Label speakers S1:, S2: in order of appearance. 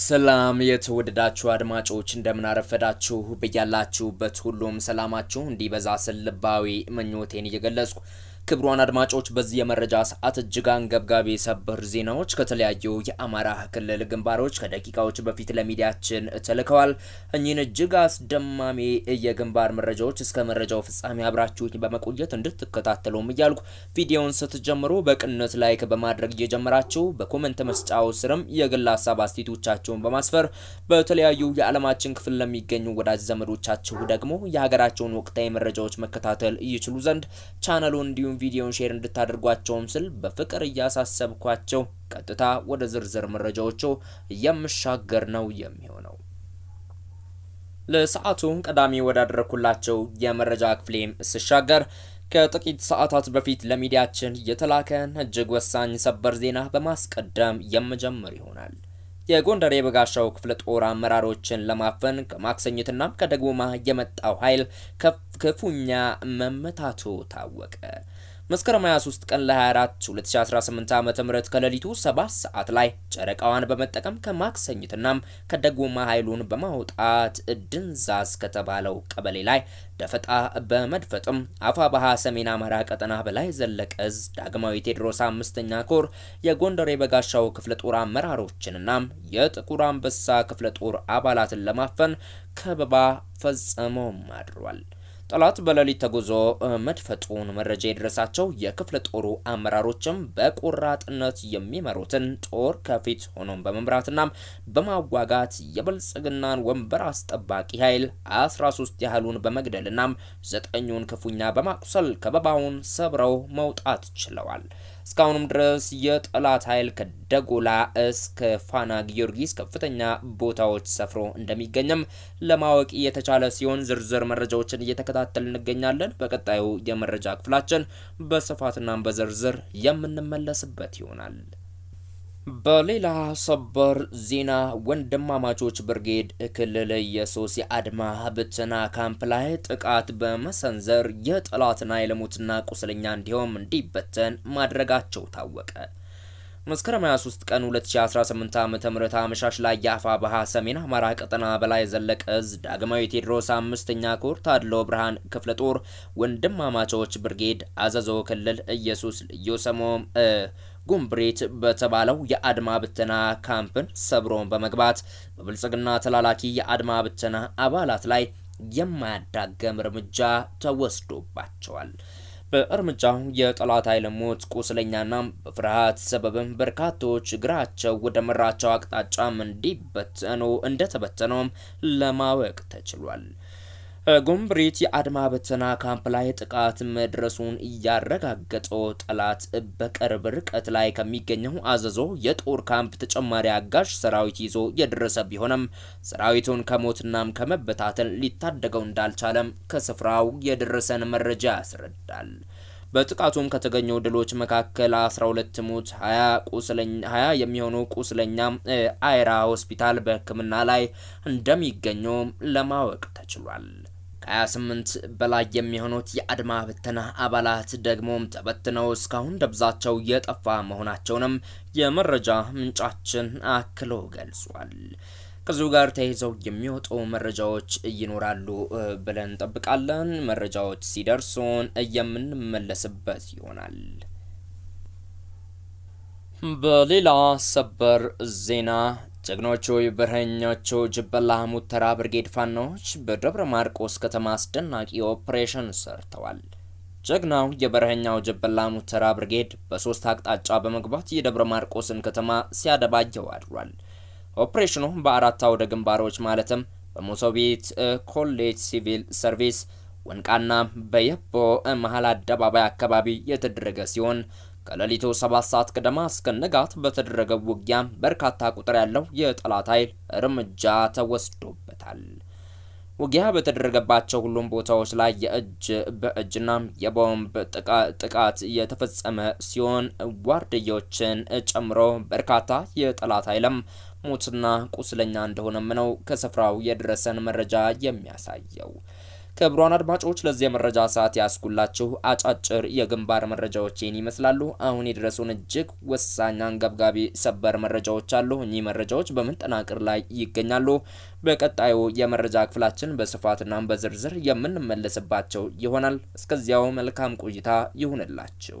S1: ሰላም የተወደዳችሁ አድማጮች እንደምናረፈዳችሁ በያላችሁበት ሁሉም ሰላማችሁ እንዲበዛ ስል ልባዊ ምኞቴን እየገለጽኩ ክብሯን አድማጮች በዚህ የመረጃ ሰዓት እጅግ አንገብጋቢ ሰበር ዜናዎች ከተለያዩ የአማራ ክልል ግንባሮች ከደቂቃዎች በፊት ለሚዲያችን ተልከዋል። እኚህን እጅግ አስደማሚ የግንባር መረጃዎች እስከ መረጃው ፍጻሜ አብራችሁ በመቆየት እንድትከታተሉም እያልኩ ቪዲዮውን ስትጀምሩ በቅንነት ላይክ በማድረግ እየጀመራችሁ በኮመንት መስጫው ስርም የግል ሀሳብ አስቴቶቻችሁን በማስፈር በተለያዩ የዓለማችን ክፍል ለሚገኙ ወዳጅ ዘመዶቻችሁ ደግሞ የሀገራቸውን ወቅታዊ መረጃዎች መከታተል ይችሉ ዘንድ ቻናሉ እንዲሁ እንዲሁም ቪዲዮን ሼር እንድታደርጓቸውም ስል በፍቅር እያሳሰብኳቸው ቀጥታ ወደ ዝርዝር መረጃዎቹ የምሻገር ነው የሚሆነው። ለሰዓቱ ቀዳሚ ወዳደረኩላቸው የመረጃ ክፍሌም ስሻገር ከጥቂት ሰዓታት በፊት ለሚዲያችን የተላከን እጅግ ወሳኝ ሰበር ዜና በማስቀደም የምጀምር ይሆናል። የጎንደር የበጋሻው ክፍለ ጦር አመራሮችን ለማፈን ከማክሰኝትና ከደጎማ የመጣው ኃይል ከፍ ክፉኛ መመታቱ ታወቀ። መስከረም 23 ቀን ለ24 2018 ዓ.ም ከሌሊቱ 7 ሰዓት ላይ ጨረቃዋን በመጠቀም ከማክሰኝትናም ከደጎማ ኃይሉን በማውጣት ድንዛዝ ከተባለው ቀበሌ ላይ ደፈጣ በመድፈጥም ባሃ ሰሜን አማራ ቀጠና በላይ ዘለቀ እዝ ዳግማዊ ቴዎድሮስ አምስተኛ ኮር የጎንደር የበጋሻው ክፍለ ጦር አመራሮችንና የጥቁር አንበሳ ክፍለ ጦር አባላትን ለማፈን ከበባ ፈጽመውም አድሯል። ጠላት በሌሊት ተጉዞ መድፈጡን መረጃ የደረሳቸው የክፍለ ጦሩ አመራሮችም በቆራጥነት የሚመሩትን ጦር ከፊት ሆኖም በመምራትና በማዋጋት የብልጽግናን ወንበር አስጠባቂ ኃይል 13 ያህሉን በመግደልና ዘጠኙን ክፉኛ በማቁሰል ከበባውን ሰብረው መውጣት ችለዋል። እስካሁንም ድረስ የጠላት ኃይል ከደጎላ እስከ ፋና ጊዮርጊስ ከፍተኛ ቦታዎች ሰፍሮ እንደሚገኝም ለማወቅ የተቻለ ሲሆን ዝርዝር መረጃዎችን እየተከታተል እንገኛለን። በቀጣዩ የመረጃ ክፍላችን በስፋትና በዝርዝር የምንመለስበት ይሆናል። በሌላ ሰበር ዜና ወንድማማቾች ብርጌድ ክልል የሶስ የአድማ ብትና ካምፕ ላይ ጥቃት በመሰንዘር የጠላትና የለሙትና ቁስለኛ እንዲሁም እንዲበተን ማድረጋቸው ታወቀ። መስከረም 23 ቀን 2018 ዓ.ም አመሻሽ ላይ የአፋ ባሃ ሰሜን አማራ ቀጠና በላይ ዘለቀ እዝ ዳግማዊ ቴዎድሮስ አምስተኛ ኮር ታድሎ ብርሃን ክፍለ ጦር ወንድማማቾች ብርጌድ አዘዞ ክልል ኢየሱስ ልዩ ሰሞም ጉምብሬት በተባለው የአድማ ብተና ካምፕን ሰብሮን በመግባት በብልጽግና ተላላኪ የአድማ ብተና አባላት ላይ የማያዳገም እርምጃ ተወስዶባቸዋል። በእርምጃው የጠላት ኃይል ሞት፣ ቁስለኛና በፍርሃት ሰበብም በርካቶች እግራቸው ወደ መራቸው አቅጣጫም እንዲበተኑ እንደተበተነውም ለማወቅ ተችሏል። ጉምብሪት የአድማ በተና ካምፕ ላይ ጥቃት መድረሱን እያረጋገጠው ጠላት በቅርብ ርቀት ላይ ከሚገኘው አዘዞ የጦር ካምፕ ተጨማሪ አጋዥ ሰራዊት ይዞ የደረሰ ቢሆንም ሰራዊቱን ከሞትናም ከመበታተን ሊታደገው እንዳልቻለም ከስፍራው የደረሰን መረጃ ያስረዳል። በጥቃቱም ከተገኘው ድሎች መካከል 12 ሙት፣ 20 የሚሆኑ ቁስለኛ አይራ ሆስፒታል በሕክምና ላይ እንደሚገኙ ለማወቅ ተችሏል። ከ28 በላይ የሚሆኑት የአድማ ብተና አባላት ደግሞም ተበትነው እስካሁን ደብዛቸው የጠፋ መሆናቸውንም የመረጃ ምንጫችን አክሎ ገልጿል። ከዚሁ ጋር ተያይዘው የሚወጡ መረጃዎች ይኖራሉ ብለን እንጠብቃለን። መረጃዎች ሲደርሱን የምንመለስበት ይሆናል። በሌላ ሰበር ዜና ጀግኖቹ ብርሃኞቹ ጅበላ ሙተራ ብርጌድ ፋናዎች በደብረ ማርቆስ ከተማ አስደናቂ ኦፕሬሽን ሰርተዋል። ጀግናው የበረኛው ጀበላ ሙተራ ብርጌድ በሶስት አቅጣጫ በመግባት የደብረ ማርቆስን ከተማ ሲያደባየው አድሯል። ኦፕሬሽኑ በአራት አውደ ግንባሮች ማለትም በሞሶቢት ኮሌጅ ሲቪል ሰርቪስ ወንቃና በየቦ መሀል አደባባይ አካባቢ የተደረገ ሲሆን ከሌሊቱ ሰባት ሰዓት ቅደማ እስከ ንጋት በተደረገው ውጊያ በርካታ ቁጥር ያለው የጠላት ኃይል እርምጃ ተወስዶበታል። ውጊያ በተደረገባቸው ሁሉም ቦታዎች ላይ የእጅ በእጅና የቦምብ ጥቃት የተፈጸመ ሲሆን ዋርድያዎችን ጨምሮ በርካታ የጠላት ኃይልም ሞትና ቁስለኛ እንደሆነም ነው ከስፍራው የደረሰን መረጃ የሚያሳየው። ክቡራን አድማጮች ለዚህ የመረጃ ሰዓት ያስኩላችሁ አጫጭር የግንባር መረጃዎችን ይመስላሉ። አሁን የደረሱን እጅግ ወሳኝ አንገብጋቢ ሰበር መረጃዎች አሉ። እኚህ መረጃዎች በምንጠናቅር ላይ ይገኛሉ። በቀጣዩ የመረጃ ክፍላችን በስፋትና በዝርዝር የምንመለስባቸው ይሆናል። እስከዚያው መልካም ቆይታ ይሁንላችሁ።